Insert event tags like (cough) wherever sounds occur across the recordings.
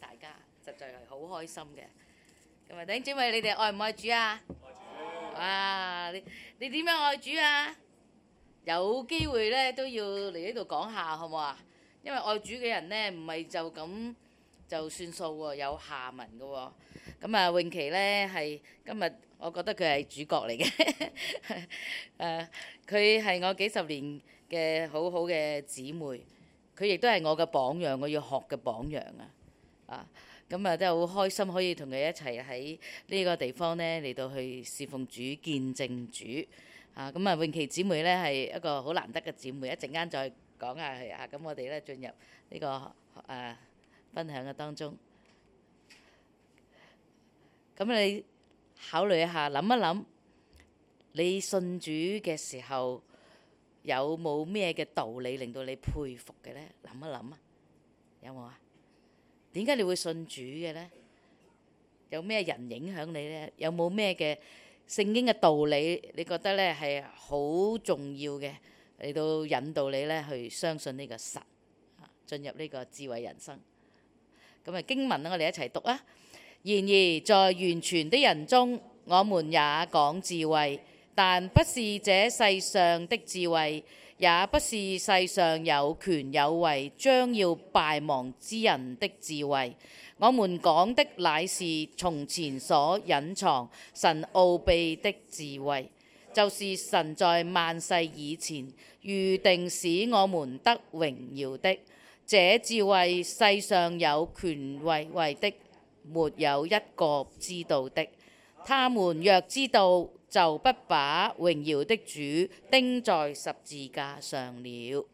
大家實在係好開心嘅。咁啊，等陣，你哋愛唔愛主啊？愛主啊！啊，你你點樣愛主啊？有機會咧都要嚟呢度講下，好唔好啊？因為愛主嘅人咧，唔係就咁就算數喎，有下文嘅喎。咁啊，永琪咧係今日，我覺得佢係主角嚟嘅。誒，佢係我幾十年嘅好好嘅姊妹，佢亦都係我嘅榜樣，我要學嘅榜樣啊！啊，咁啊真係好開心，可以同佢一齊喺呢個地方呢嚟到去侍奉主、見證主。啊，咁啊永琪姊妹呢係一個好難得嘅姊妹，一陣間再講下佢啊。咁我哋呢進入呢個啊分享嘅當中。咁你考慮一下，諗一諗，你信主嘅時候有冇咩嘅道理令到你佩服嘅呢？諗一諗啊，有冇啊？點解你會信主嘅呢？有咩人影響你呢？有冇咩嘅聖經嘅道理，你覺得呢係好重要嘅嚟到引導你呢去相信呢個神，啊，進入呢個智慧人生。咁啊，經文我哋一齊讀啊。然而，在完全的人中，我們也講智慧，但不是這世上的智慧。也不是世上有權有位將要敗亡之人的智慧，我們講的乃是從前所隱藏、神奧秘的智慧，就是神在萬世以前預定使我們得榮耀的。這智慧世上有權有位的沒有一個知道的，他們若知道，就不把榮耀的主釘在十字架上了。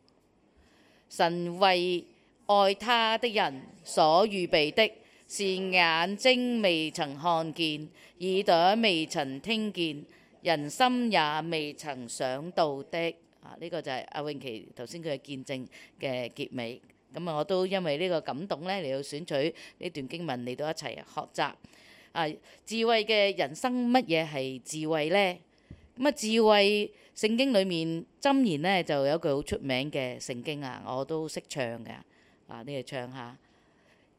神為愛他的人所預備的是眼睛未曾看見，耳朵未曾聽見，人心也未曾想到的。啊，呢、這個就係阿永琪頭先佢嘅見證嘅結尾。咁啊，我都因為呢個感動呢，嚟到選取呢段經文嚟到一齊學習。啊，智慧嘅人生，乜嘢係智慧咧？咁啊，智慧，智慧、嗯、智慧聖經裏面箴言咧，就有一句好出名嘅聖經啊，我都識唱嘅。啊，你哋唱下。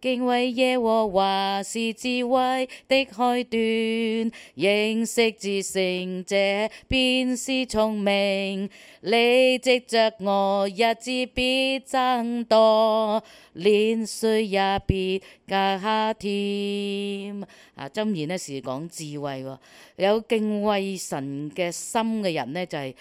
敬畏耶和華是智慧的開端，認識至聖者便是聰明。你藉着我，日子必增多，年歲也別加添。啊，箴言呢是講智慧、哦、有敬畏神嘅心嘅人呢就係、是、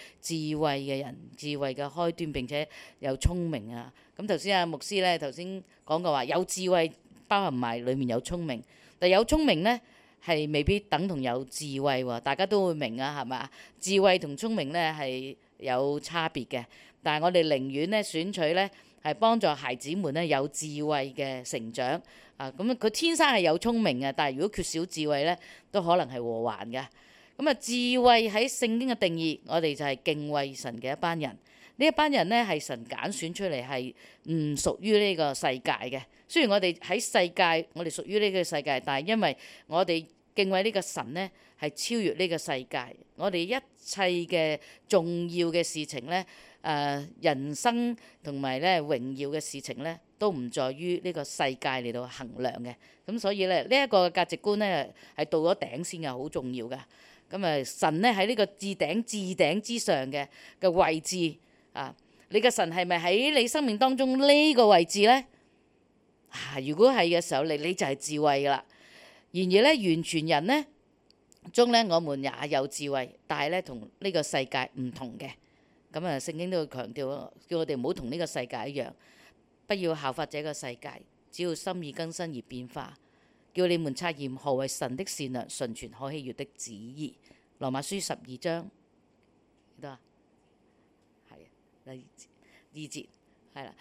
智慧嘅人，智慧嘅開端，並且有聰明啊！咁頭先阿牧師咧頭先講過話，有智慧包含埋裡面有聰明，但有聰明呢，係未必等同有智慧喎，大家都會明啊，係咪啊？智慧同聰明呢係有差別嘅，但係我哋寧願呢選取呢，係幫助孩子們呢有智慧嘅成長啊！咁佢天生係有聰明嘅，但係如果缺少智慧呢，都可能係禍患嘅。咁啊，智慧喺聖經嘅定義，我哋就係敬畏神嘅一班人。呢一班人咧係神揀選出嚟，係唔屬於呢個世界嘅。雖然我哋喺世界，我哋屬於呢個世界，但係因為我哋敬畏呢個神咧係超越呢個世界。我哋一切嘅重要嘅事情咧，誒、呃、人生同埋咧榮耀嘅事情咧，都唔在於呢個世界嚟到衡量嘅。咁所以咧呢一、這個價值觀咧係到咗頂先嘅，好重要㗎。咁誒神咧喺呢個置頂置頂之上嘅嘅位置。啊！你嘅神係咪喺你生命當中呢個位置呢？啊！如果係嘅時候，你你就係智慧噶啦。然而呢，完全人呢，中呢，我們也有智慧，但係呢，同呢個世界唔同嘅。咁、嗯、啊，聖經都會強調，叫我哋唔好同呢個世界一樣，不要效法這個世界，只要心意更新而變化，叫你們察驗何為神的善良、純全、可喜悅的旨意。羅馬書十二章，二節係啦，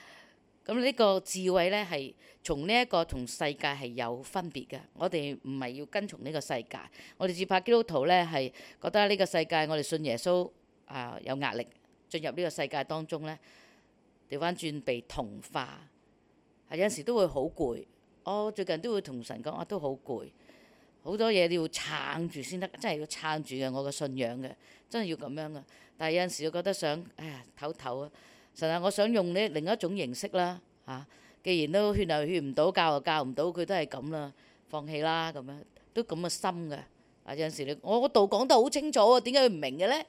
咁呢、嗯這個智慧呢，係從呢一個同世界係有分別噶。我哋唔係要跟從呢個世界，我哋自拍基督徒呢，係覺得呢個世界，我哋信耶穌啊、呃、有壓力，進入呢個世界當中呢，掉翻轉被同化，係有陣時都會好攰。我最近都會同神講，我、啊、都好攰，好多嘢都要撐住先得，真係要撐住嘅，我個信仰嘅。真係要咁樣噶，但係有陣時我覺得想，哎呀唞唞啊！實係，我想用呢另一種形式啦嚇。既然都勸又勸唔到，教又教唔到，佢都係咁啦，放棄啦，咁樣都咁嘅心噶。啊，有陣時你我個道講得好清楚啊，點解佢唔明嘅咧？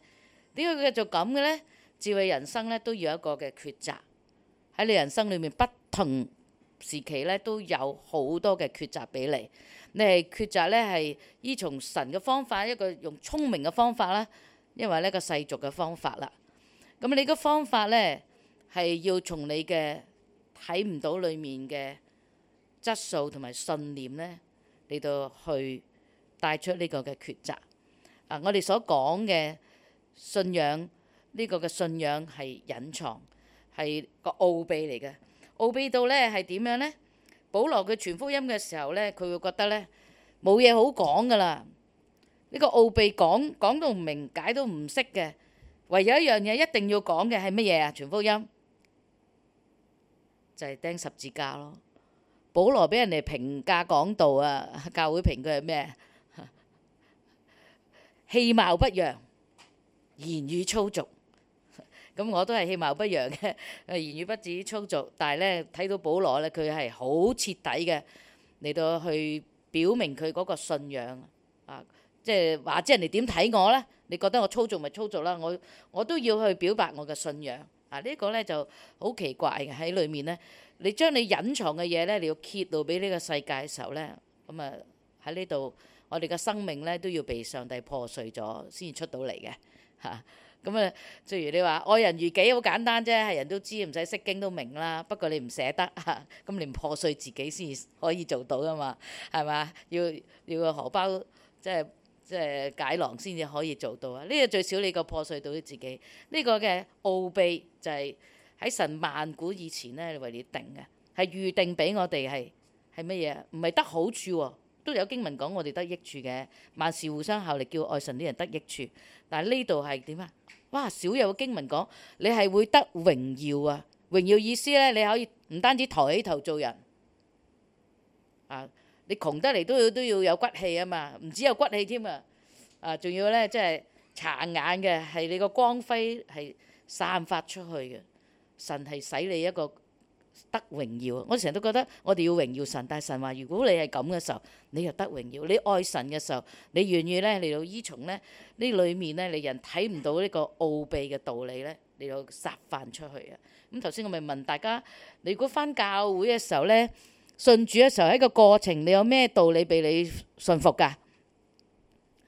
點解佢繼續咁嘅咧？智慧人生咧都要有一個嘅抉擇，喺你人生裏面不同時期咧都有好多嘅抉擇俾你。你係抉擇咧係依從神嘅方法，一個用聰明嘅方法啦。因為呢個世俗嘅方法啦，咁你個方法咧係要從你嘅睇唔到裡面嘅質素同埋信念咧嚟到去帶出呢個嘅抉擇。啊，我哋所講嘅信仰，呢個嘅信仰係隱藏，係個奧秘嚟嘅。奧秘到咧係點樣咧？保羅佢傳福音嘅時候咧，佢會覺得咧冇嘢好講㗎啦。呢個奧秘講講都唔明，解都唔識嘅。唯有一樣嘢一定要講嘅係乜嘢啊？全福音就係釘十字架咯。保羅俾人哋評價講道啊，教會評佢係咩？氣貌不揚，言語粗俗。咁我都係氣貌不揚嘅。誒言語不止粗俗。但係咧睇到保羅咧，佢係好徹底嘅嚟到去表明佢嗰個信仰啊！即係話，即人哋點睇我呢？你覺得我操作咪操作啦？我我都要去表白我嘅信仰啊！呢、呢個呢就好奇怪嘅喺裏面呢，你將你隱藏嘅嘢呢，你要揭露俾呢個世界嘅時候呢。咁啊喺呢度，我哋嘅生命呢，都要被上帝破碎咗先至出到嚟嘅嚇。咁啊，譬如你話愛人如己，好簡單啫，係人都知，唔使識經都明啦。不過你唔捨得，咁、啊、連破碎自己先可以做到噶嘛？係嘛？要要個荷包即係。即係解囊先至可以做到啊！呢個最少你個破碎到你自己。呢個嘅奧秘就係喺神萬古以前呢，為你定嘅，係預定俾我哋係係乜嘢？唔係得好處喎，都有經文講我哋得益處嘅，萬事互相效力，叫愛神啲人得益處。但係呢度係點啊？哇！少有經文講你係會得榮耀啊！榮耀意思呢，你可以唔單止抬起頭做人啊！你窮得嚟都要都要有骨氣啊嘛！唔止有骨氣添啊，仲要呢，即係殘眼嘅，係你個光輝係散發出去嘅。神係使你一個得榮耀。我成日都覺得我哋要榮耀神，但係神話如果你係咁嘅時候，你又得榮耀。你愛神嘅時候，你願意呢，嚟到依從呢，呢裏面呢，你人睇唔到呢個奧秘嘅道理呢，你就散發出去啊！咁頭先我咪問大家，你如果翻教會嘅時候呢？信主嘅時候係一個過程，你有咩道理畀你信服㗎？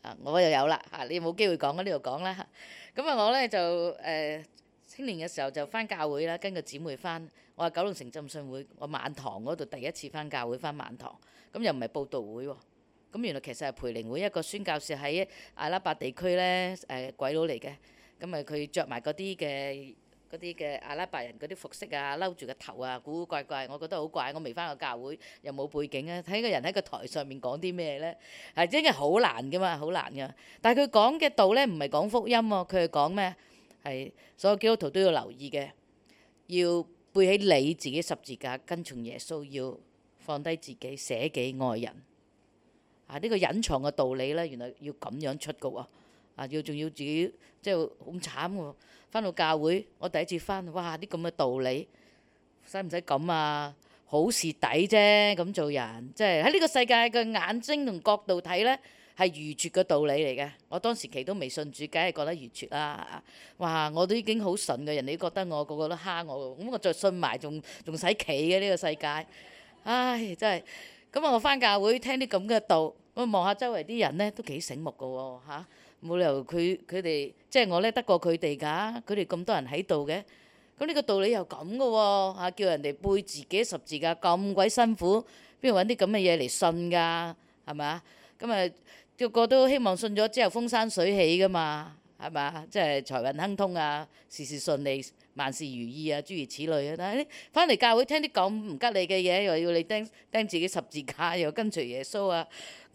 啊，我又有啦，啊，你冇機會講，喺呢度講啦。咁啊，我呢就誒青年嘅時候就翻教會啦，跟個姊妹翻，我係九龍城浸信會，我晚堂嗰度第一次翻教會翻晚堂，咁又唔係佈道會喎。咁原來其實係培靈會，一個宣教士喺阿拉伯地區呢誒鬼佬嚟嘅，咁咪佢著埋嗰啲嘅。嗰啲嘅阿拉伯人嗰啲服飾啊，摟住個頭啊，古古怪怪，我覺得好怪。我未返過教會，又冇背景啊，睇個人喺個台上面講啲咩呢，係真係好難嘅嘛，好難嘅。但係佢講嘅道呢，唔係講福音喎，佢係講咩？係所有基督徒都要留意嘅，要背起你自己十字架，跟從耶穌，要放低自己，捨己愛人。啊，呢個隱藏嘅道理呢，原來要咁樣出局啊！要仲、啊、要自己即係好慘喎、啊。翻到教會，我第一次翻，哇！啲咁嘅道理，使唔使咁啊？好蝕底啫，咁做人，即係喺呢個世界嘅眼睛同角度睇呢，係愚拙嘅道理嚟嘅。我當時企都未信主，梗係覺得愚拙啦。哇！我都已經好順嘅，人哋覺得我個個都蝦我，咁、嗯、我再信埋，仲仲使企嘅呢個世界？唉，真係。咁我翻教會聽啲咁嘅道，我望下周圍啲人呢，都幾醒目㗎喎、啊啊冇理由佢佢哋，即係我咧得過佢哋㗎，佢哋咁多人喺度嘅，咁呢個道理又咁嘅喎，叫人哋背自己十字架咁鬼辛苦，邊度揾啲咁嘅嘢嚟信㗎？係咪啊？咁啊，個個都希望信咗之後風生水起㗎嘛，係咪啊？即係財運亨通啊，事事順利，萬事如意啊，諸如此類啊。但係你翻嚟教會聽啲咁唔吉利嘅嘢，又要你釘釘自己十字架，又跟隨耶穌啊，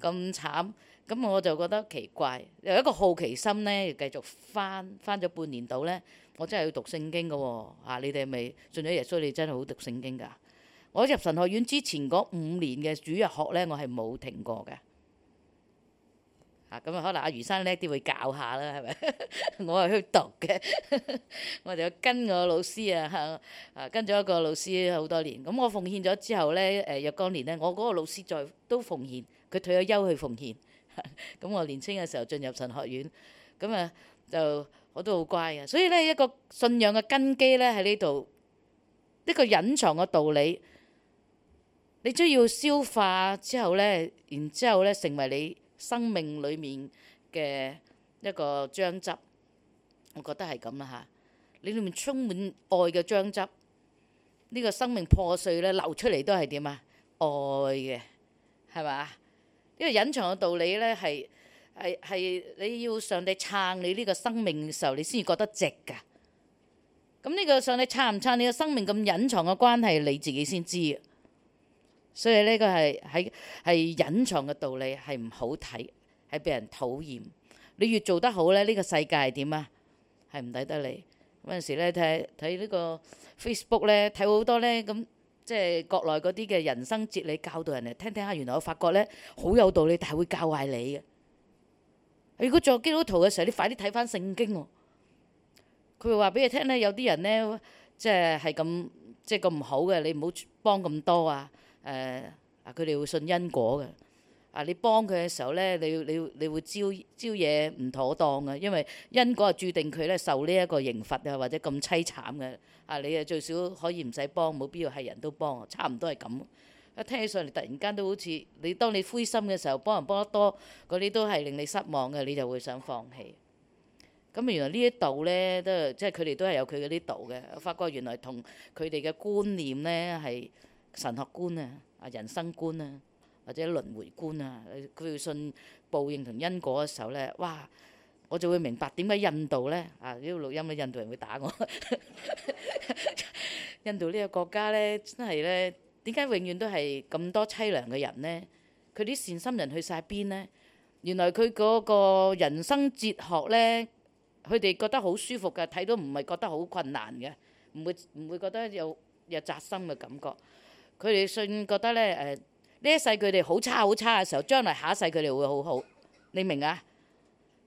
咁慘。咁我就覺得奇怪，有一個好奇心呢，繼續翻翻咗半年度呢。我真係要讀聖經嘅喎、哦啊、你哋咪信咗耶穌，你真係好讀聖經㗎。我入神學院之前嗰五年嘅主日學呢，我係冇停過嘅嚇。咁啊，可能阿余生叻啲會教下啦，係咪？ (laughs) 我係去讀嘅， (laughs) 我就跟個老師啊，啊，啊跟咗一個老師好多年。咁我奉獻咗之後呢、啊，若干年呢，我嗰個老師再都奉獻，佢退咗休去奉獻。咁我年青嘅時候進入神學院，咁啊就我都好乖嘅，所以咧一個信仰嘅根基咧喺呢度，一個隱藏嘅道理，你將要消化之後咧，然之後咧成為你生命裡面嘅一個漿汁，我覺得係咁啦嚇。你裡面充滿愛嘅漿汁，呢個生命破碎咧流出嚟都係點啊？愛嘅，係咪？因為隱藏嘅道理呢，係係係你要上帝撐你呢個生命嘅時候，你先至覺得值㗎。咁、嗯、呢、呢個上帝撐唔撐你、呢個生命咁隱藏嘅關係，你自己先知。所以呢、呢個係係係隱藏嘅道理，係唔好睇，係俾人討厭。你越做得好呢，呢、呢個世界係點啊？係唔抵得你。嗰陣時呢，睇睇呢個 Facebook 呢，睇好多呢。咁、嗯。即係國內嗰啲嘅人生哲理教導人哋聽聽下。原來我發覺呢，好有道理，但係會教壞你嘅。如果作基督徒嘅時候，你快啲睇翻聖經喎。佢會話俾你聽，呢有啲人呢，即係係咁，即係咁唔好嘅，你唔好幫咁多啊。誒、呃，佢哋會信因果嘅。啊！你幫佢嘅時候咧，你你你會招招惹唔妥當嘅，因為因果啊註定佢咧受呢一個刑罰啊，或者咁淒慘嘅。啊！你啊最少可以唔使幫，冇必要係人都幫，差唔多係咁。一聽起上嚟，突然間都好似你當你灰心嘅時候幫人幫得多，嗰啲都係令你失望嘅，你就會想放棄。咁、啊、原來呢啲度咧都即係佢哋都係有佢嗰啲度嘅。我發覺原來同佢哋嘅觀念咧係神學觀啊，啊人生觀啊。或者輪迴觀啊，佢要信報應同因果嘅時候咧，哇！我就會明白點解印度咧。啊！呢個錄音咧，印度人會打我。印度呢個國家咧，真係咧，點解永遠都係咁多淒涼嘅人咧？佢啲善心人去晒邊咧？原來佢嗰個人生哲學咧，佢哋覺得好舒服㗎，睇到唔係覺得好困難嘅，唔會唔會覺得有有扎心嘅感覺。佢哋信覺得咧，誒～呢一世佢哋好差好差嘅時候，將來下一世佢哋會好好，你明啊？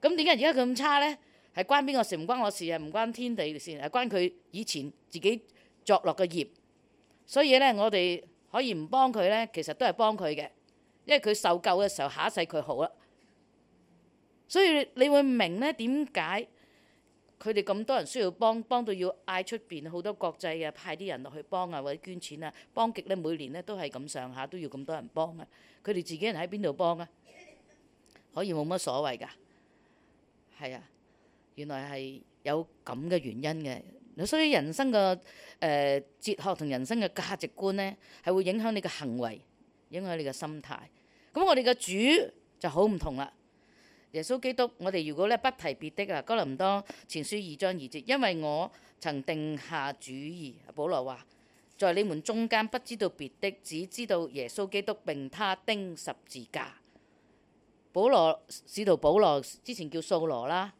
咁點解而家佢咁差呢？係關邊個事？唔關我事啊，唔關天地事啊，係關佢以前自己作落嘅業。所以呢，我哋可以唔幫佢呢，其實都係幫佢嘅，因為佢受救嘅時候，下一世佢好啦。所以你會明呢點解？佢哋咁多人需要幫，幫到要嗌出邊，好多國際嘅派啲人落去幫啊，或者捐錢啊，幫極咧，每年咧都係咁上下，都要咁多人幫啊，佢哋自己人喺邊度幫啊？可以冇乜所謂㗎，係啊，原來係有咁嘅原因嘅。所以人生嘅誒、呃、哲學同人生嘅價值觀咧，係會影響你嘅行為，影響你嘅心態。咁我哋嘅主就好唔同啦。耶穌基督，我哋如果呢，不提別的啊，哥林多前書二章二節，因為我曾定下主意，保羅話，在你們中間不知道別的，只知道耶穌基督並他釘十字架。保羅使徒保羅之前叫掃羅啦，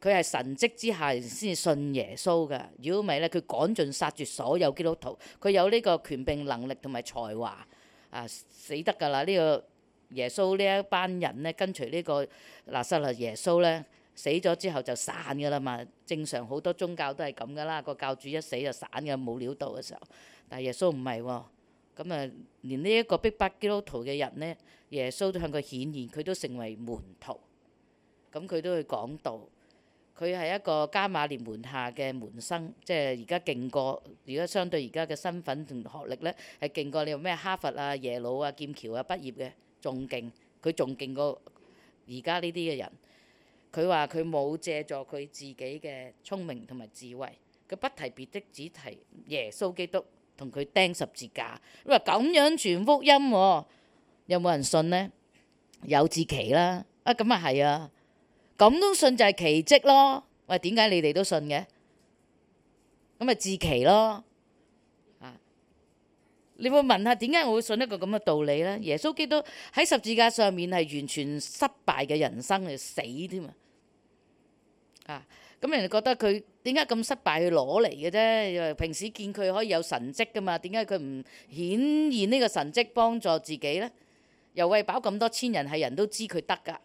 佢係神蹟之下先信耶穌㗎，如果唔係呢，佢趕盡殺絕所有基督徒，佢有呢個權柄能力同埋才華啊，死得㗎啦呢個。耶穌呢一班人咧，跟隨呢個拿撒勒耶穌咧死咗之後就散噶啦嘛。正常好多宗教都係咁噶啦，個教主一死就散嘅，冇料到嘅時候。但係耶穌唔係喎，咁啊，連呢一個逼迫基督徒嘅人咧，耶穌都向佢顯現，佢都成為門徒。咁佢都去講道，佢係一個迦瑪列門下嘅門生，即係而家勁過，而家相對而家嘅身份同學歷咧係勁過你話咩哈佛啊、耶魯啊、劍橋啊畢業嘅。仲勁，佢仲勁過而家呢啲嘅人。佢話佢冇借助佢自己嘅聰明同埋智慧，佢不提別的，只提耶穌基督同佢釘十字架。你話咁樣傳福音，哦，有冇人信呢？有至奇啦！啊咁啊係啊，咁都信就係奇蹟咯。喂，點解你哋都信嘅？咁咪至奇咯。你會問下點解我會信一個咁嘅道理呢？耶穌基督喺十字架上面係完全失敗嘅人生嚟死添啊！咁、嗯、人哋覺得佢點解咁失敗去攞嚟嘅啫？平時見佢可以有神蹟噶嘛？點解佢唔顯現呢個神蹟幫助自己呢？又餵飽咁多千人，係人都知佢得噶。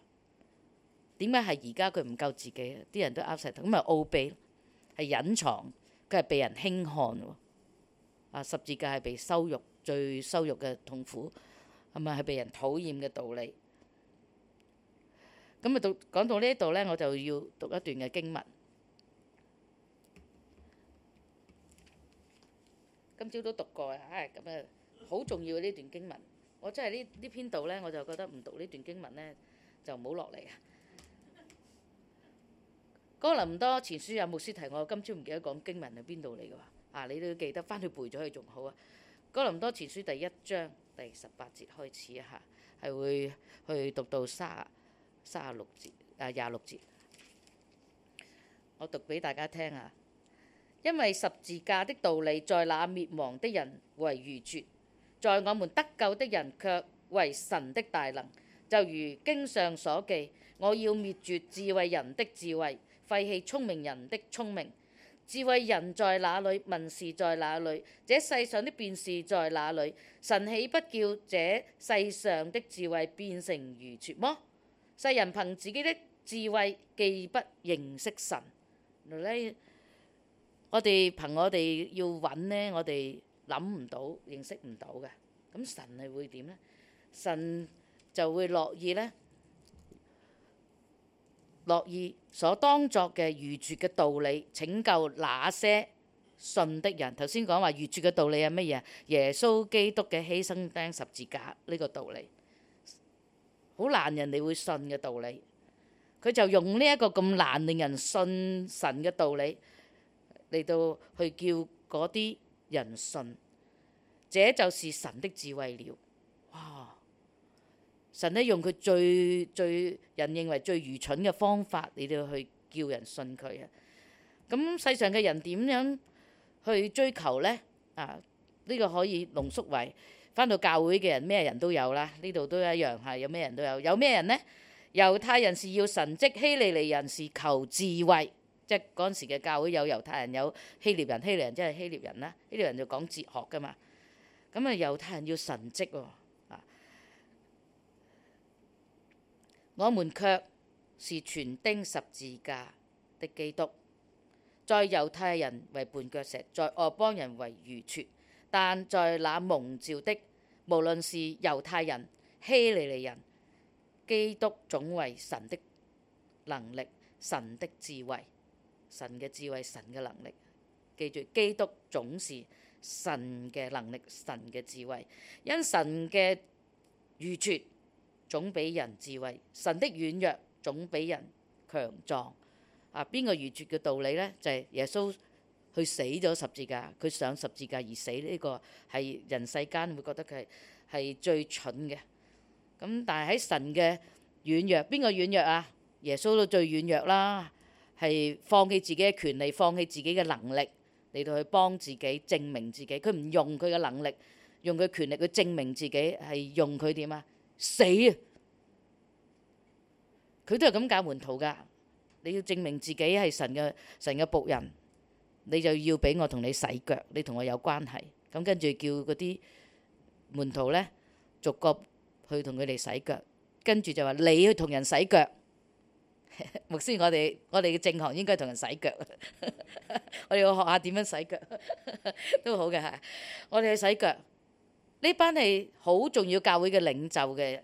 點解係而家佢唔救自己？啲人都噏曬頭，咁咪奧秘，係隱藏佢係被人輕看喎。啊！十字架係被羞辱最羞辱嘅痛苦，係咪係被人討厭嘅道理？咁啊，讀講到呢度咧，我就要讀一段嘅經文。今朝都讀過啊，唉，咁啊，好重要嘅呢段經文。我真係呢呢篇道咧，我就覺得唔讀呢段經文咧，就唔好落嚟啊。哥林多前書有牧師提我，今朝唔記得講經文係邊度嚟㗎？啊！你都要記得翻去背咗佢仲好啊，《哥林多前書》第一章第十八節開始一下，係會去讀到三十三十六節啊，廿六節。我讀俾大家聽啊，因為十字架的道理在那滅亡的人為愚拙，在我們得救的人卻為神的大能。就如經上所記：我要滅絕智慧人的智慧，廢棄聰明人的聰明。智慧人在哪裏，文士在哪裏，這世上的辯士在哪裏？神豈不叫這世上的智慧變成愚拙麼？世人憑自己的智慧既不認識神，我哋憑我哋要揾呢，我哋諗唔到，認識唔到嘅，咁神係會點呢？神就會樂意呢。樂意所當作嘅愚拙嘅道理，拯救那些信的人。頭先講話愚拙嘅道理係乜嘢？耶穌基督嘅犧牲釘十字架呢個道理，好難人哋會信嘅道理。佢就用呢一個咁難令人信神嘅道理嚟到去叫嗰啲人信，這就是神的智慧了。神咧用佢最最人認為最愚蠢嘅方法，你都要去叫人信佢啊！咁、嗯、世上嘅人點樣去追求呢？啊，呢、這個可以濃縮為返到教會嘅人，咩人都有啦。呢度都一樣，係有咩人都有。有咩人呢？猶太人是要神蹟，希利尼人是求智慧。即係嗰陣時嘅教會有猶太人，有猶太人有希臘人，希臘人即係希臘人啦，希臘人就講哲學噶嘛。咁、嗯、啊，猶太人要神蹟喎、哦。我們卻是全釘十字架的基督，在猶太人為絆腳石，在外邦人為愚拙，但在那蒙召的，無論是猶太人、希利尼人，基督總為神的能力、神的智慧、神嘅智慧、神嘅能力。記住，基督總是神嘅能力、神嘅智慧，因神嘅愚拙，總比人智慧，神的軟弱總比人強壯。啊，邊個愚拙嘅道理呢？就係、是、耶穌去死咗十字架，佢上十字架而死呢、這個係人世間會覺得佢係最蠢嘅。咁、嗯、但係喺神嘅軟弱，邊個軟弱啊？耶穌都最軟弱啦，係放棄自己嘅權利，放棄自己嘅能力嚟到去幫自己證明自己。佢唔用佢嘅能力，用佢嘅權力去證明自己係用佢點啊？死啊！佢都係咁教門徒噶，你要證明自己係神嘅神嘅僕人，你就要俾我同你洗腳，你同我有關係。咁跟住叫嗰啲門徒呢逐個去同佢哋洗腳。跟住就話你去同人洗腳。牧 (laughs) 師我哋我哋嘅正行應該同人洗腳， (laughs) 我哋要學下點樣洗腳 (laughs) 都好嘅嚇，我哋去洗腳。呢班係好重要教會嘅領袖嘅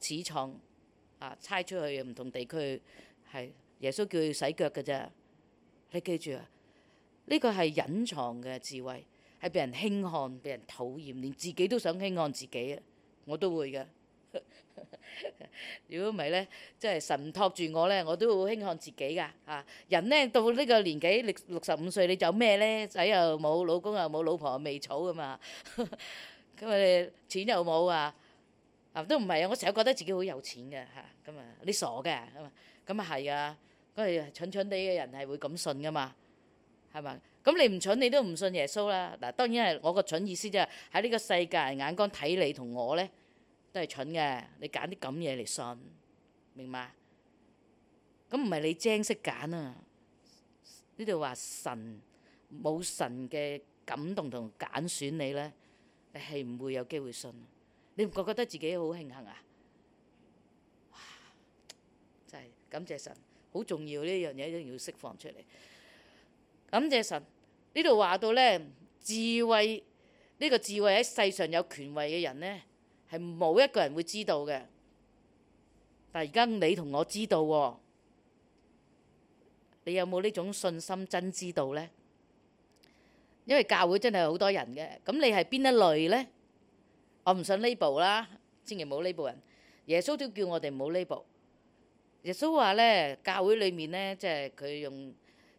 始創啊，差出去嘅唔同地區係耶穌叫佢洗腳嘅啫。你記住啊，呢、呢個係隱藏嘅智慧，係被人輕看、被人討厭，連自己都想輕看自己啊！我都會噶，如果唔係呢，即係神托住我呢，我都會輕看自己噶嚇、啊。人呢，到呢個年紀，六六十五歲，你做咩呢？仔又冇，老公又冇，老婆未草噶嘛。咁啊，你錢又冇啊，啊都唔係啊！我成日覺得自己好有錢嘅嚇，咁啊你傻嘅咁啊，咁啊係啊，嗰啲蠢蠢哋嘅人係會咁信噶嘛，係嘛？咁你唔蠢你都唔信耶穌啦嗱。當然係我個蠢意思即係喺呢個世界眼光睇你同我咧，都係蠢嘅。你揀啲咁嘢嚟信，明嘛？咁唔係你精識揀啊？呢度話神冇神嘅感動同揀選你咧，係唔會有機會信，你覺唔覺得自己好慶幸啊？哇！真係感謝神，好重要呢樣嘢一定要釋放出嚟。感謝神，呢度話到呢，智慧呢、呢個智慧喺世上有權位嘅人呢，係冇一個人會知道嘅。但係而家你同我知道喎、哦，你有冇呢種信心真知道呢？因為教會真係好多人嘅，咁你係邊一類呢？我唔信呢部啦，千祈冇呢部人。耶穌都叫我哋冇呢部。耶穌話呢，教會裏面呢，即係佢用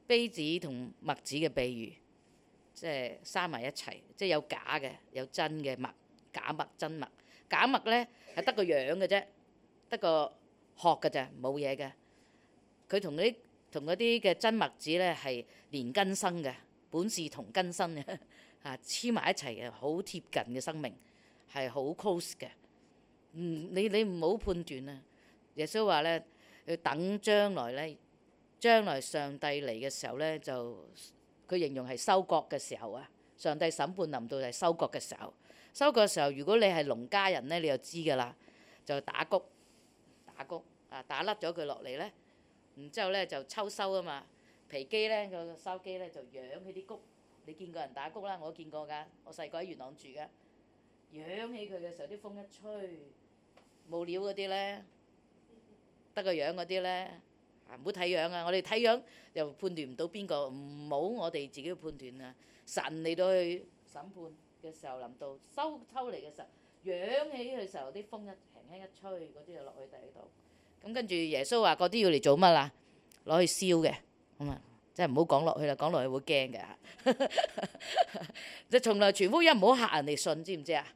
稗子同麥子嘅比喻，即係生埋一齊，即係有假嘅，有真嘅麥，假麥真麥。假麥呢，係得個樣嘅啫，得個殼嘅咋，冇嘢嘅。佢同嗰啲同啲嘅真麥子呢，係連根生嘅。本事同根生嘅啊，黐埋一齊嘅，好貼近嘅生命係好 close 嘅。嗯，你你唔好判斷啊，耶穌話咧，要等將來咧，將來上帝嚟嘅時候咧，就佢形容係收割嘅時候啊。上帝審判臨到係收割嘅時候，收割嘅時候，如果你係農家人咧，你就知㗎啦，就打谷打谷啊，打甩咗佢落嚟咧，然之後咧就秋收啊嘛。皮機咧，個收機咧就養起啲穀，你見過人打谷啦？我都見過㗎。我細個喺元朗住噶，養起佢嘅時候，啲風一吹，冇料嗰啲咧，得個樣嗰啲咧，啊唔好睇樣啊！我哋睇樣又判斷唔到邊個，唔好我哋自己判斷啊！神嚟到去審判嘅時候，臨到收秋嚟嘅時候，養起佢嘅時候，啲風一輕輕一吹，嗰啲就落去第度。咁跟住耶穌話：嗰啲要嚟做乜啦？攞去燒嘅。咁啊，即係唔好講落去啦，講落去會驚嘅。就從來傳福音唔好嚇人哋信，知唔知啊？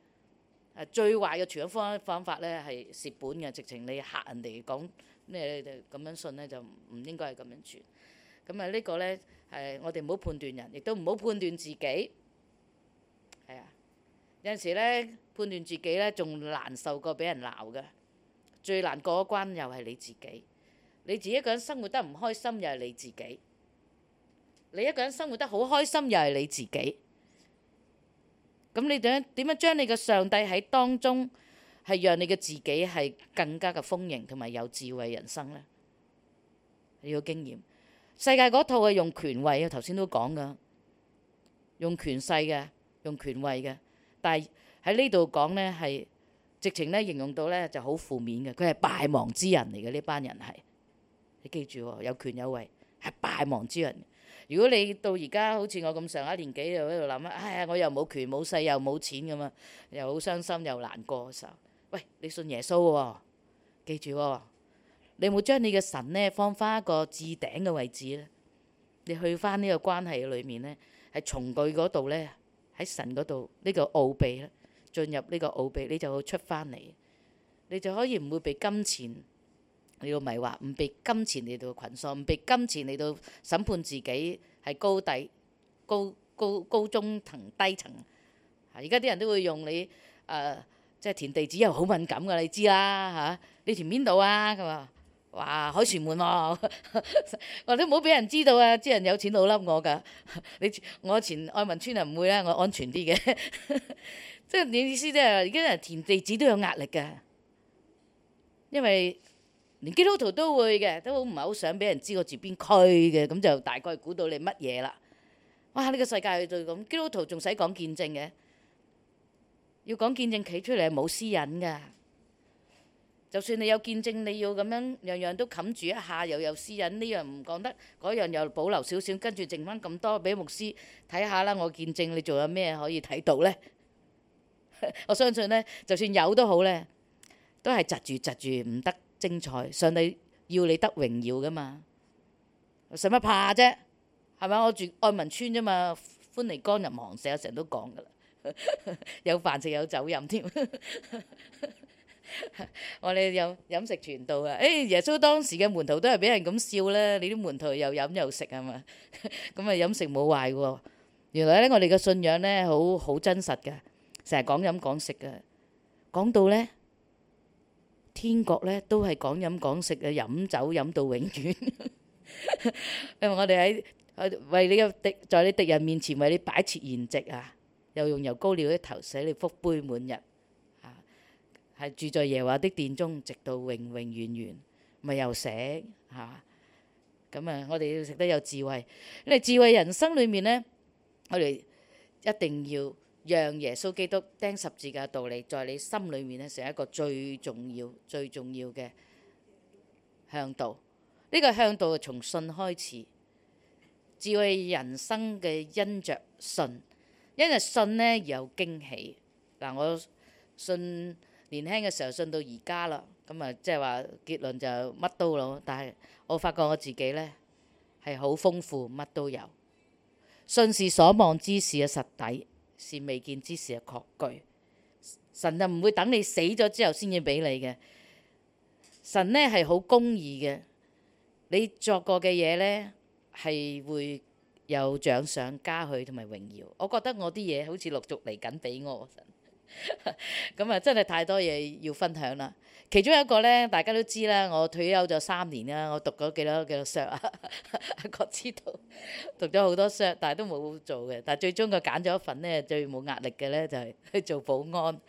誒，最壞嘅傳福音方法咧係蝕本嘅，直情你嚇人哋講咩咧就咁樣信咧就唔應該係咁樣傳。咁啊呢個咧係我哋唔好判斷人，亦都唔好判斷自己。係啊，有陣時咧判斷自己咧仲難受過俾人鬧嘅，最難過一關又係你自己。你自己一個人生活得唔開心，又係你自己；你一個人生活得好開心，又係你自己。咁你點樣點樣將你嘅上帝喺當中係讓你嘅自己係更加嘅豐盈同埋有智慧人生咧？你要經驗世界嗰套係用權位啊，我頭先都講噶，用權勢嘅，用權位嘅。但係喺呢度講咧，係直情咧形容到咧就好負面嘅，佢係敗亡之人嚟嘅，呢班人係。你記住喎，有權有位係敗亡之人。如果你到而家好似我咁上下年紀，又喺度諗啊，哎呀，我又冇權冇勢又冇錢咁啊，又好傷心又難過嘅時候，喂，你信耶穌喎、哦，記住喎、哦，你會將你嘅神呢放翻一個置頂嘅位置咧。你去翻呢個關係裏面呢，係從佢嗰度呢，喺神嗰度呢個奧秘咧，進入呢個奧秘，你就會出翻嚟，你就可以唔會被金錢。你要咪話唔俾金錢嚟到捆綁，唔俾金錢嚟到審判自己係高低高高高中層低層。啊！而家啲人都會用你誒，即係填地址又好敏感㗎，你知啦嚇、啊。你填邊度啊？佢話，哇！凱旋門喎、啊，我話你唔好俾人知道啊，啲人有錢老笠我㗎。你我填愛民村啊，唔會啦，我安全啲嘅。即係你意思即、就、啫、是？而家填地址都有壓力㗎，因為。連基督徒都會嘅，都唔係好想俾人知我住邊區嘅，咁就大概估到你乜嘢啦。哇！呢個世界係就咁，基督徒仲使講見證嘅？要講見證企出嚟係冇私隱噶。就算你有見證，你要咁樣樣樣都冚住一下，又有私隱呢樣唔講得，嗰樣又保留少少，跟住剩翻咁多俾牧師睇下啦。看看我見證你仲有咩可以睇到呢？ (laughs) 我相信呢，就算有都好呢，都係窒住窒住唔得。精彩！上帝要你得榮耀噶嘛？使乜怕啫？係咪我住愛民村啫嘛？歡嚟光日忙成日成日都講噶啦，有飯食，有酒飲添。我哋有飲食傳道啊！誒，耶穌當時嘅門徒都係俾人咁笑啦，你啲門徒又飲又食係嘛？咁啊飲食冇壞噶。原來咧我哋嘅信仰咧好好真實噶，成日講飲講食噶，講到咧。天國咧都係講飲講食，嘅，飲酒飲到永遠，因為我哋喺為你嘅敵，在你敵人面前為你擺設筵席啊，又用油膏了啲頭，使你福杯滿溢，啊係住在耶和華的殿中，直到永永遠遠，咪又食吓，咁啊我哋要食得有智慧，因為智慧人生裏面咧，我哋一定要。讓耶穌基督釘十字架嘅道理在你心裏面呢成一個最重要、最重要嘅向道導。呢、這個向導從信開始，智慧人生嘅因着信，因為信呢有驚喜。嗱、啊，我信年輕嘅時候信到而家啦，咁啊即係話結論就乜都攞，但係我發覺我自己呢係好豐富，乜都有。信是所望之事嘅實底。是未見之事嘅確據，神就唔會等你死咗之後先至俾你嘅。神呢係好公義嘅，你作過嘅嘢呢係會有獎賞加佢同埋榮耀。我覺得我啲嘢好似陸續嚟緊俾我神。咁啊， (laughs) 真係太多嘢要分享啦！其中一個呢，大家都知啦，我退休咗三年啦，我讀咗幾多幾多書啊？各 (laughs) 知道讀咗好多書，但係都冇做嘅。但係最終佢揀咗一份呢，最冇壓力嘅呢，就係、是、去做保安。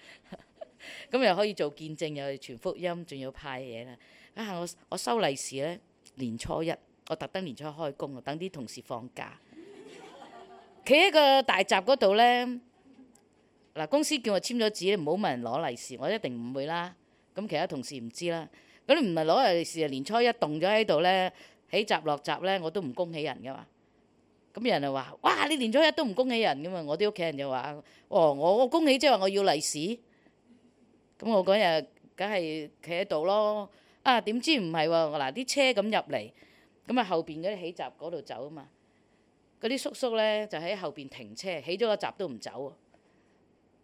咁 (laughs) 又可以做見證，又傳福音，仲要派嘢啦！啊，我我收利是呢，年初一我特登年初一開工啊，等啲同事放假。企喺個大閘嗰度呢。嗱，公司叫我簽咗紙，你唔好問人攞利是，我一定唔會啦。咁其他同事唔知啦。咁你唔係攞利是啊？年初一凍咗喺度咧，起閘落閘咧，我都唔恭喜人噶嘛。咁有人就話：哇，你年初一都唔恭喜人噶嘛？我啲屋企人就話：哦，我我恭喜即係話我要利是。咁我嗰日梗係企喺度咯。啊，點知唔係喎？嗱，啲車咁入嚟，咁啊後邊嗰啲起閘嗰度走啊嘛。嗰啲叔叔咧就喺後邊停車，起咗個閘都唔走，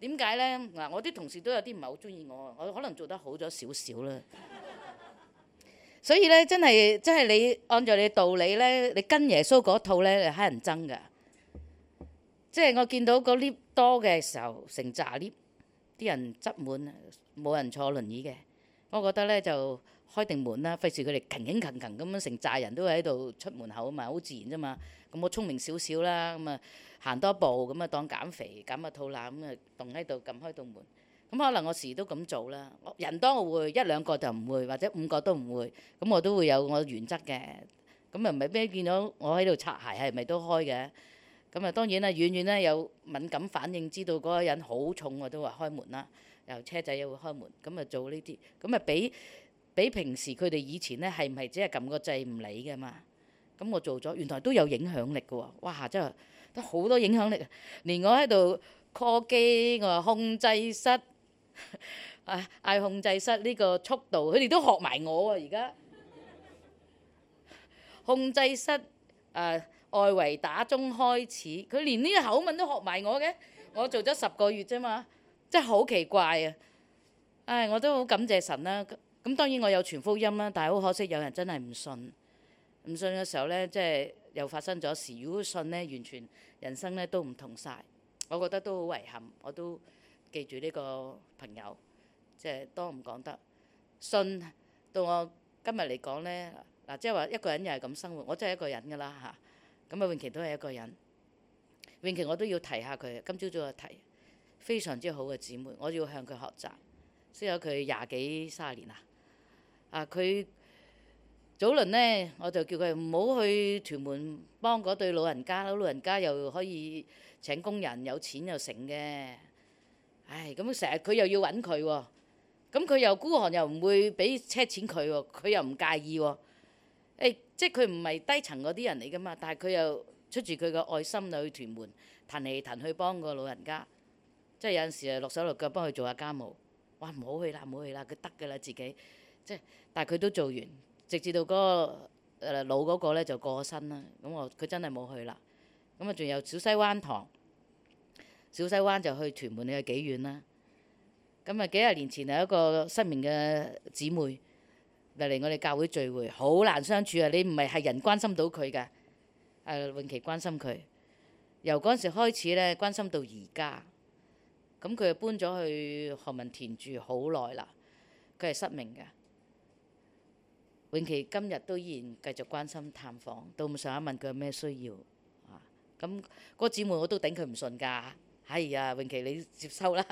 點解咧？嗱，我啲同事都有啲唔係好中意我，我可能做得好咗少少啦。所以咧，真係真係你按照你道理咧，你跟耶穌嗰套咧，你乞人憎㗎。即係我見到個 lift 多嘅時候，成紮 lift，啲人擠滿，冇人坐輪椅嘅。我覺得咧就開定門啦，費事佢哋勤勤勤勤咁樣成扎人都喺度出門口啊嘛，好自然啫嘛。咁我聰明少少啦，咁啊。行多步咁啊，當減肥，減個肚腩咁啊，棟喺度撳開道門。咁可能我時都咁做啦。人多我會，一兩個就唔會，或者五個都唔會。咁我都會有我原則嘅。咁啊，唔係咩見到我喺度擦鞋係咪都開嘅？咁啊，當然啦，遠遠咧有敏感反應，知道嗰個人好重我都話開門啦。又車仔又會開門。咁啊做呢啲，咁啊比比平時佢哋以前咧係唔係只係撳個掣唔理嘅嘛？咁我做咗，原來都有影響力嘅喎。哇！真係～都好多影響力，連我喺度 call 機，我話控制室啊，嗌控制室呢個速度，佢哋都學埋我啊！而家控制室啊，外圍打鐘開始，佢連呢個口吻都學埋我嘅。我做咗十個月啫嘛，真係好奇怪啊！唉，我都好感謝神啦。咁當然我有傳福音啦，但係好可惜有人真係唔信，唔信嘅時候咧，即係。又發生咗事，如果信呢，完全人生呢都唔同晒，我覺得都好遺憾，我都記住呢個朋友，即係多唔講得。信到我今日嚟講呢，嗱即係話一個人又係咁生活，我真係一個人㗎啦嚇。咁啊，永琪都係一個人。永琪我都要提下佢，今朝早又提，非常之好嘅姊妹，我要向佢學習。識咗佢廿幾三十年啦，啊佢。早輪呢，我就叫佢唔好去屯門幫嗰對老人家，老人家又可以請工人，有錢又成嘅。唉，咁成日佢又要揾佢喎，咁佢又孤寒又，又唔會俾車錢佢喎，佢又唔介意喎。誒、欸，即係佢唔係低層嗰啲人嚟噶嘛，但係佢又出住佢嘅愛心去屯門騰嚟騰去幫個老人家，即係有陣時誒落手落腳幫佢做下家務。哇，唔好去啦，唔好去啦，佢得㗎啦自己，即係但係佢都做完。直至到嗰個誒老嗰個咧就過身啦，咁我佢真係冇去啦。咁啊，仲有小西灣堂，小西灣就去屯門你有幾遠啦。咁啊，幾廿年前有，一個失明嘅姊妹嚟嚟我哋教會聚會，好難相處啊！你唔係係人關心到佢㗎。誒永琪關心佢，由嗰陣時開始咧關心到而家。咁佢就搬咗去何文田住好耐啦，佢係失明嘅。永琪今日都依然繼續關心探訪，到咁上下一問佢有咩需要啊？咁、那、嗰個姊妹我都頂佢唔順㗎，係、哎、啊，永琪你接收啦，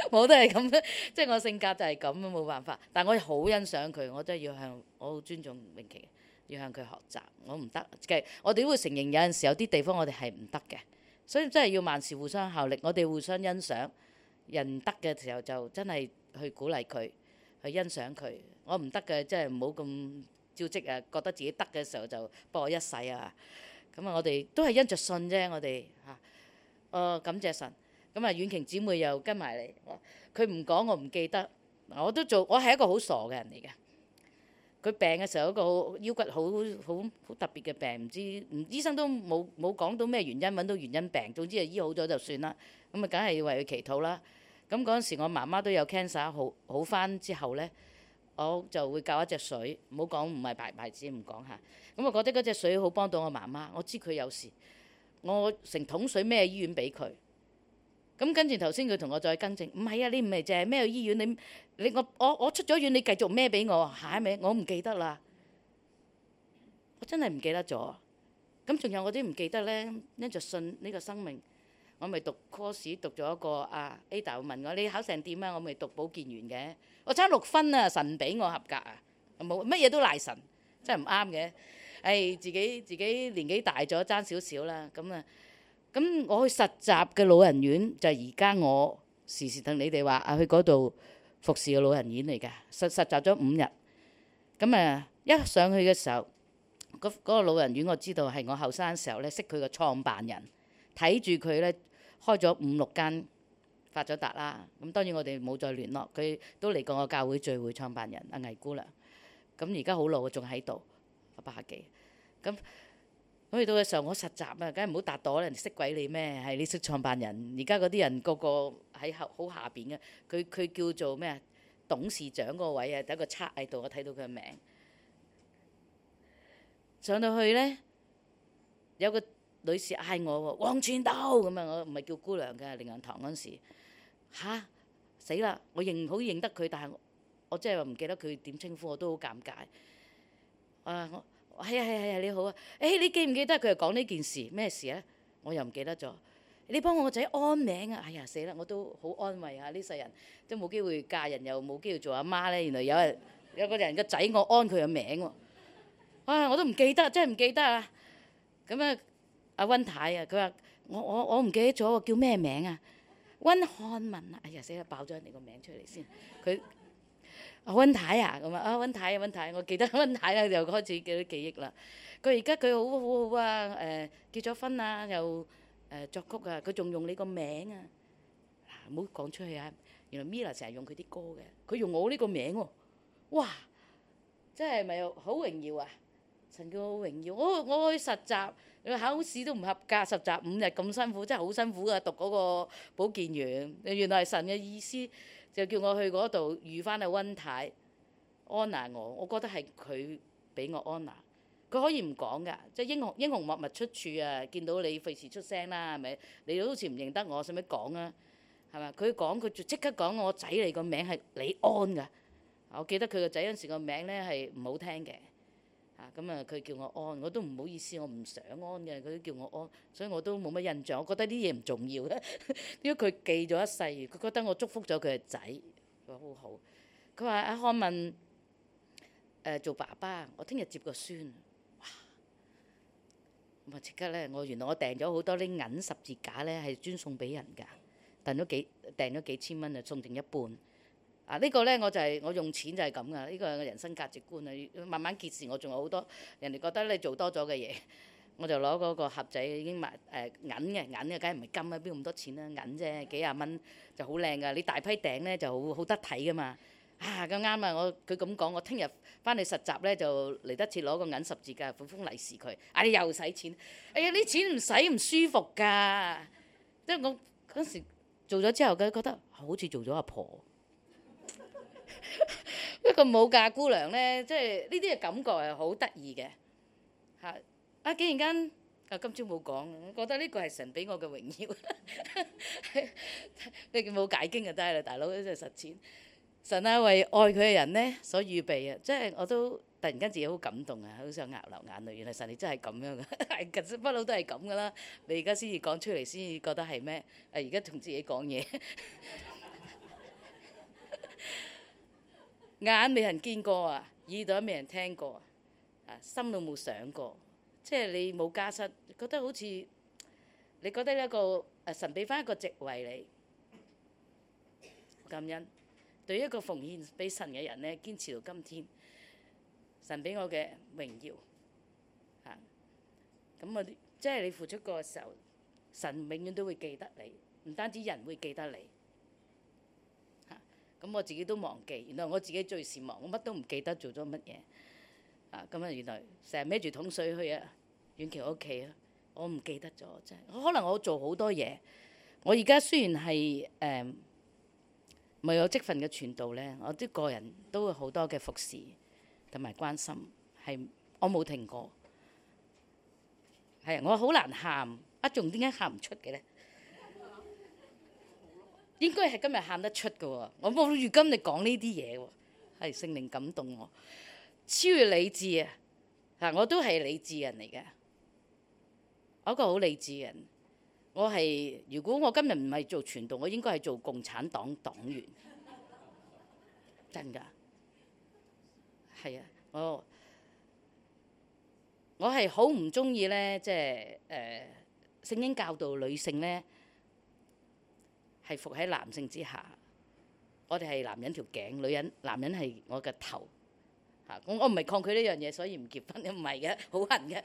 (laughs) 我都係咁，即係我性格就係咁，冇辦法。但係我好欣賞佢，我真係要向我好尊重永琪，要向佢學習。我唔得嘅，即我哋都會承認有陣時有啲地方我哋係唔得嘅，所以真係要萬事互相效力，我哋互相欣賞，人得嘅時候就真係去鼓勵佢，去欣賞佢。我唔得嘅，即係唔好咁招積啊！覺得自己得嘅時候就幫我一世啊！咁、嗯、啊，我哋都係因着信啫，我哋嚇。誒，感謝神，咁、嗯、啊，婉瓊姊妹又跟埋嚟，佢唔講我唔記得，我都做。我係一個好傻嘅人嚟嘅。佢病嘅時候一個腰骨好好好特別嘅病，唔知唔醫生都冇冇講到咩原因，揾到原因病，總之啊，醫好咗就算啦。咁、嗯、啊，梗、嗯、係要為佢祈禱啦。咁嗰陣時我媽媽都有 cancer，好好返之後呢。我就會教一隻水，唔好講，唔係白牌子，唔講嚇。咁我覺得嗰隻水好幫到我媽媽，我知佢有事，我成桶水孭醫院俾佢。咁跟住頭先佢同我再更正，唔係啊，你唔係淨係孭醫院，你你我我我出咗院，你繼續孭俾我。下一名我唔記得啦，我真係唔記得咗。咁仲有我啲唔記得呢，因就信呢個生命。我咪讀 course 讀咗一個啊 Ada 問我你考成點啊？我咪讀保健員嘅，我差六分啊！神俾我合格啊！冇乜嘢都賴神，真係唔啱嘅。誒、哎，自己自己年紀大咗爭少少啦，咁啊，咁、嗯嗯、我去實習嘅老人院就係而家我時時等你哋話啊，去嗰度服侍嘅老人院嚟㗎，實實習咗五日。咁、嗯、啊，一上去嘅時候，嗰、那個老人院我知道係我後生嘅時候咧，識佢個創辦人，睇住佢咧。開咗五六間，發咗達啦。咁當然我哋冇再聯絡。佢都嚟過我教會聚會，創辦人阿魏姑娘。咁而家好老啊，仲喺度，八十幾。咁咁去到嘅時候，我實習啊，梗係唔好搭檔啦。人識鬼你咩？係你識創辦人。而家嗰啲人個個喺好下面嘅。佢佢叫做咩啊？董事長個位啊，第一個差異度我睇到佢嘅名。上到去呢，有個。女士嗌我喎，王全道咁啊，我唔係叫姑娘嘅靈銀堂嗰陣時，嚇死啦！我認好認得佢，但係我真係唔記得佢點稱呼，我都好尷尬。啊，係啊係係係，你好啊！誒、哎，你記唔記得佢講呢件事？咩事啊？我又唔記得咗。你幫我個仔安名啊！哎呀死啦！我都好安慰啊！呢世人都冇機會嫁人，又冇機會做阿媽咧。原來有人有個人個仔，我安佢嘅名喎、啊。啊，我都唔記得，真係唔記得啊！咁啊～阿温太啊，佢話我我我唔記得咗叫咩名啊？温漢文啊！哎呀，死啦，爆咗人哋個名出嚟先。佢阿温太啊，咁啊，阿温太啊，温太、啊，我記得温太啦、啊，又開始幾多記憶啦。佢而家佢好好好啊，誒、呃、結咗婚啊，又誒、呃、作曲啊，佢仲用你個名啊，唔好講出去啊。原來 Mia 成日用佢啲歌嘅，佢用我呢個名喎、哦，哇！真係咪好榮耀啊？神叫好榮耀，我我去實習。你考試都唔合格，實習五日咁辛苦，真係好辛苦噶。讀嗰個保健員，原來係神嘅意思，就叫我去嗰度遇翻阿温太，安撫我。我覺得係佢俾我安撫，佢可以唔講噶，即係英雄英雄莫問出處啊！見到你費事出聲啦，係咪？你都好似唔認得我，使唔使講啊？係咪？佢講佢就即刻講我仔你個名係李安噶，我記得佢個仔嗰陣時個名咧係唔好聽嘅。咁啊，佢、嗯、叫我安，我都唔好意思，我唔想安嘅，佢都叫我安，所以我都冇乜印象。我覺得啲嘢唔重要 (laughs) 因為佢記咗一世，佢覺得我祝福咗佢嘅仔，佢話好好。佢話阿漢文、呃、做爸爸，我聽日接個孫，哇！咁啊即刻呢，我原來我訂咗好多啲銀十字架呢，係專送俾人㗎，訂咗幾訂咗幾千蚊啊，送定一半。嗱、啊這個、呢個咧我就係、是、我用錢就係咁噶，呢、這個係我人生價值觀啊！慢慢揭示我仲有好多人哋覺得你做多咗嘅嘢，我就攞嗰個盒仔已經買誒、呃、銀嘅銀嘅梗係唔係金啊？邊咁多錢啊？銀啫，幾廿蚊就好靚噶。你大批頂咧就好好得睇噶嘛！啊咁啱啊！我佢咁講，我聽日翻去實習咧就嚟得切攞個銀十字款封利是佢。你又使錢！哎呀啲錢唔使唔舒服㗎，即、就、為、是、我嗰時做咗之後佢覺得好似做咗阿婆。不 (laughs) 個冇嫁姑娘咧，即係呢啲嘅感覺係好得意嘅，吓啊！竟然間啊今朝冇講，我覺得呢個係神俾我嘅榮耀，你冇、啊、解經就低啦，大佬真係實踐神啊為愛佢嘅人咧所預備啊！即係我都突然間自己好感動啊，好想額流眼淚。原來神你真係咁樣噶，係不嬲都係咁噶啦。你而家先至講出嚟，先至覺得係咩？誒、啊，而家同自己講嘢。呵呵眼未人見過啊，耳朵未人聽過，啊，心都冇想過，即係你冇家室，覺得好似，你覺得一個誒神俾翻一個席位你感恩，對於一個奉獻俾神嘅人呢，堅持到今天，神俾我嘅榮耀，啊，咁啊，即係你付出過嘅時候，神永遠都會記得你，唔單止人會記得你。咁我自己都忘記，原來我自己最善忘，我乜都唔記得做咗乜嘢啊！咁啊，原來成日孭住桶水去啊，遠橋屋企啊，我唔記得咗真係，可能我做好多嘢。我而家雖然係誒冇有職分嘅傳道呢，我啲個人都好多嘅服侍同埋關心，係我冇停過，係我好難喊，一仲點解喊唔出嘅呢？應該係今日喊得出嘅喎、哦，我冇如今你講呢啲嘢喎，係、哎、聖靈感動我，超越理智啊！嗱，我都係理智人嚟嘅，我一個好理智人。我係如果我今日唔係做傳道，我應該係做共產黨黨員。真㗎，係啊，我我係好唔中意咧，即係誒聖經教導女性咧。係服喺男性之下，我哋係男人條頸，女人男人係我嘅頭嚇。咁我唔係抗拒呢樣嘢，所以唔結婚唔係嘅好恨嘅。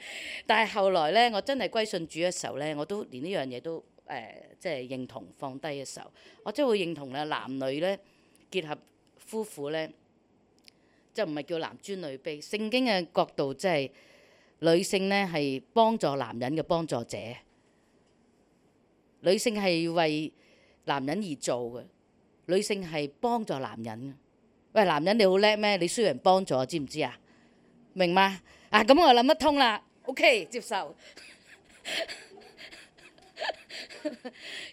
但係後來咧，我真係歸順主嘅時候咧，我都連呢樣嘢都誒，即係認同放低嘅時候，我真係會認同咧，男女咧結合夫婦咧，就唔係叫男尊女卑。聖經嘅角度即係女性咧係幫助男人嘅幫助者，女性係為。男人而做嘅，女性係幫助男人。喂，男人你好叻咩？你需要人幫助啊？知唔知啊？明嗎？啊，咁我諗得通啦。OK，接受。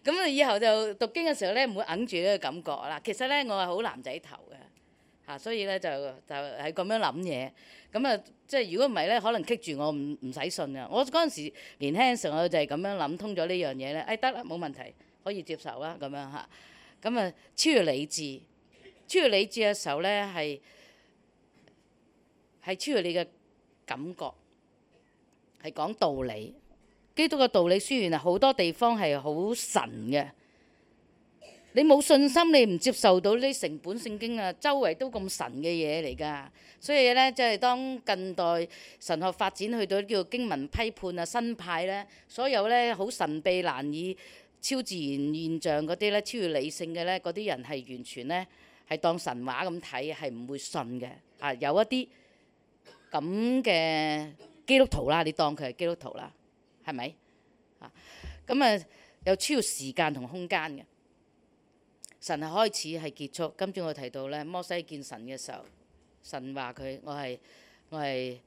咁啊，以後就讀經嘅時候咧，唔會揞住呢個感覺啦。其實咧，我係好男仔頭嘅嚇，所以咧就就係咁樣諗嘢。咁啊，即係如果唔係咧，可能棘住我唔唔使信啊。我嗰陣時年輕嘅時候我就係咁樣諗通咗呢樣嘢咧。哎，得啦，冇問題。可以接受啊，咁樣吓。咁啊，超越理智，超越理智嘅時候呢，係係超越你嘅感覺，係講道理。基督嘅道理雖然係好多地方係好神嘅，你冇信心，你唔接受到呢，成本聖經啊，周圍都咁神嘅嘢嚟㗎。所以呢，即係當近代神學發展去到叫做經文批判啊，新派呢，所有呢好神秘難以。超自然現象嗰啲咧，超越理性嘅咧，嗰啲人係完全咧係當神話咁睇，係唔會信嘅。嚇、啊，有一啲咁嘅基督徒啦，你當佢係基督徒啦，係咪？嚇、啊，咁、嗯、啊，有超越時間同空間嘅神，係開始，係結束。今朝我提到咧，摩西見神嘅時候，神話佢：我係我係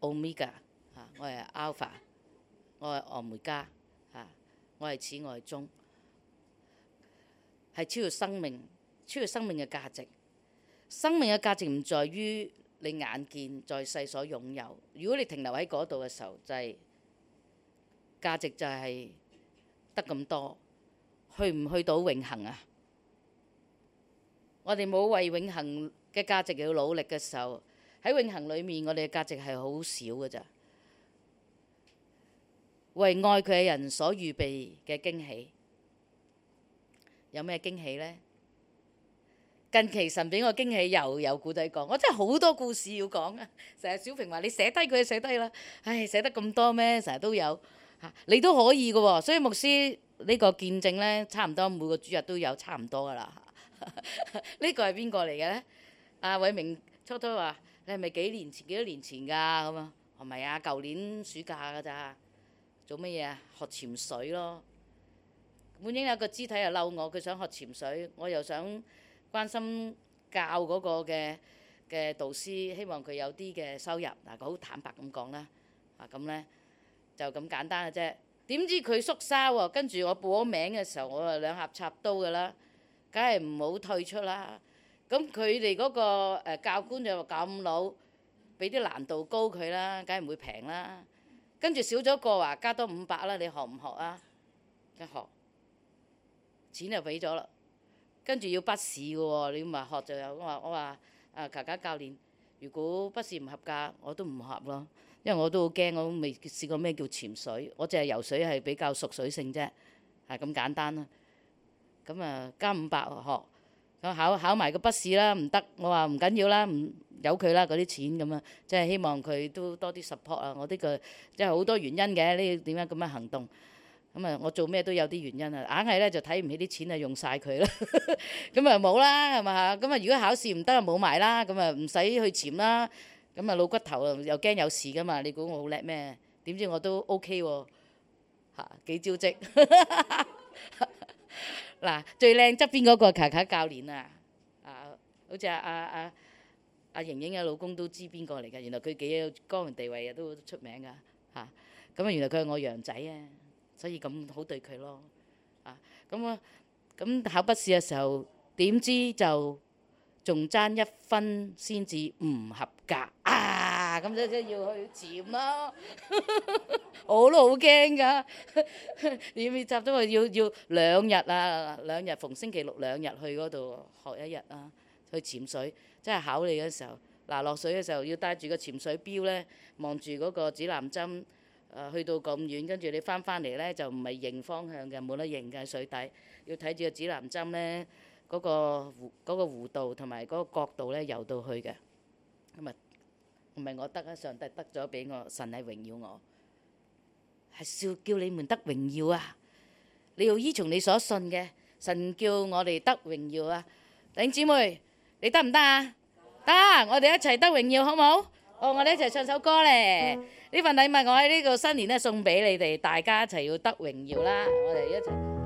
奧米迦，嚇，我係 Alpha，我係奧梅加。我係始，我係終，係超越生命，超越生命嘅價值。生命嘅價值唔在於你眼見在世所擁有。如果你停留喺嗰度嘅時候，就係價值就係得咁多，去唔去到永恆啊？我哋冇為永恆嘅價值去努力嘅時候，喺永恆裏面，我哋嘅價值係好少嘅咋。為愛佢嘅人所預備嘅驚喜，有咩驚喜呢？近期神俾我驚喜，又有故仔講，我真係好多故事要講啊！成日小平話：你寫低佢就寫低啦。唉，寫得咁多咩？成日都有嚇，你都可以嘅喎。所以牧師呢個見證呢，差唔多每個主日都有差唔多㗎啦。呢個係邊個嚟嘅呢？阿偉明初初話：你係咪幾年前幾多年前㗎？咁啊，唔係啊，舊年暑假㗎咋。做乜嘢啊？學潛水咯，滿英有個肢體又嬲我，佢想學潛水，我又想關心教嗰個嘅嘅導師，希望佢有啲嘅收入。嗱，佢好坦白咁講啦，啊咁呢就咁簡單嘅啫。點知佢縮沙喎。跟住我報咗名嘅時候，我就兩盒插刀噶啦，梗係唔好退出啦。咁佢哋嗰個誒教官就話咁老，俾啲難度高佢啦，梗係唔會平啦。跟住少咗個話，加多五百啦！你學唔學啊？一學，錢就俾咗啦。跟住要筆試嘅喎，你咁話學就有我話我話啊，家家教練，如果筆試唔合格，我都唔合咯，因為我都好驚，我都未試過咩叫潛水，我淨係游水係比較熟水性啫，係咁簡單啦。咁、嗯、啊，加五百學。我考考埋個筆試啦，唔得，我話唔緊要啦，唔由佢啦，嗰啲錢咁啊，即係希望佢都多啲 support 啊、這個，我呢個即係好多原因嘅呢你要點樣咁樣行動，咁啊我做咩都有啲原因啊，硬係咧就睇唔起啲錢啊，用晒佢 (laughs) 啦，咁啊冇啦係咪？咁啊如果考試唔得啊冇埋啦，咁啊唔使去潛啦，咁啊老骨頭又驚有事噶嘛，你估我好叻咩？點知我都 OK 喎、啊，嚇、啊、幾朝積。 (laughs) 嗱，最靚側邊嗰個係卡卡教練啊，啊，好似阿阿阿阿盈盈嘅老公都知邊個嚟㗎，原來佢幾有江湖地位啊，都出名㗎吓，咁啊原來佢係我楊仔啊，所以咁好對佢咯，啊，咁、嗯、啊，咁考筆試嘅時候點知就仲爭一分先至唔合格啊！咁即即要去潛啦、啊， (laughs) 我 (laughs) 要要都好驚㗎。你咪集咗話要要兩日啊，兩日逢星期六兩日去嗰度學一日啊，去潛水。真係考你嘅時候，嗱、啊、落水嘅時候、啊、時候要帶住個潛水錶咧，望住嗰個指南針。誒、啊，去到咁遠，跟住你翻翻嚟咧就唔係認方向嘅，冇得認嘅水底，要睇住個指南針咧，嗰、嗰個那個弧度同埋嗰個角度咧游到去嘅。咁啊～唔係我得啊，上帝得咗俾我，神係榮耀我，係笑叫你們得榮耀啊！你要依從你所信嘅，神叫我哋得榮耀啊！頂姊妹，你得唔得啊？得，我哋一齊得榮耀好唔好？哦，我哋一齊唱首歌咧！呢份禮物我喺呢個新年咧送俾你哋，大家一齊要得榮耀啦！我哋一齊。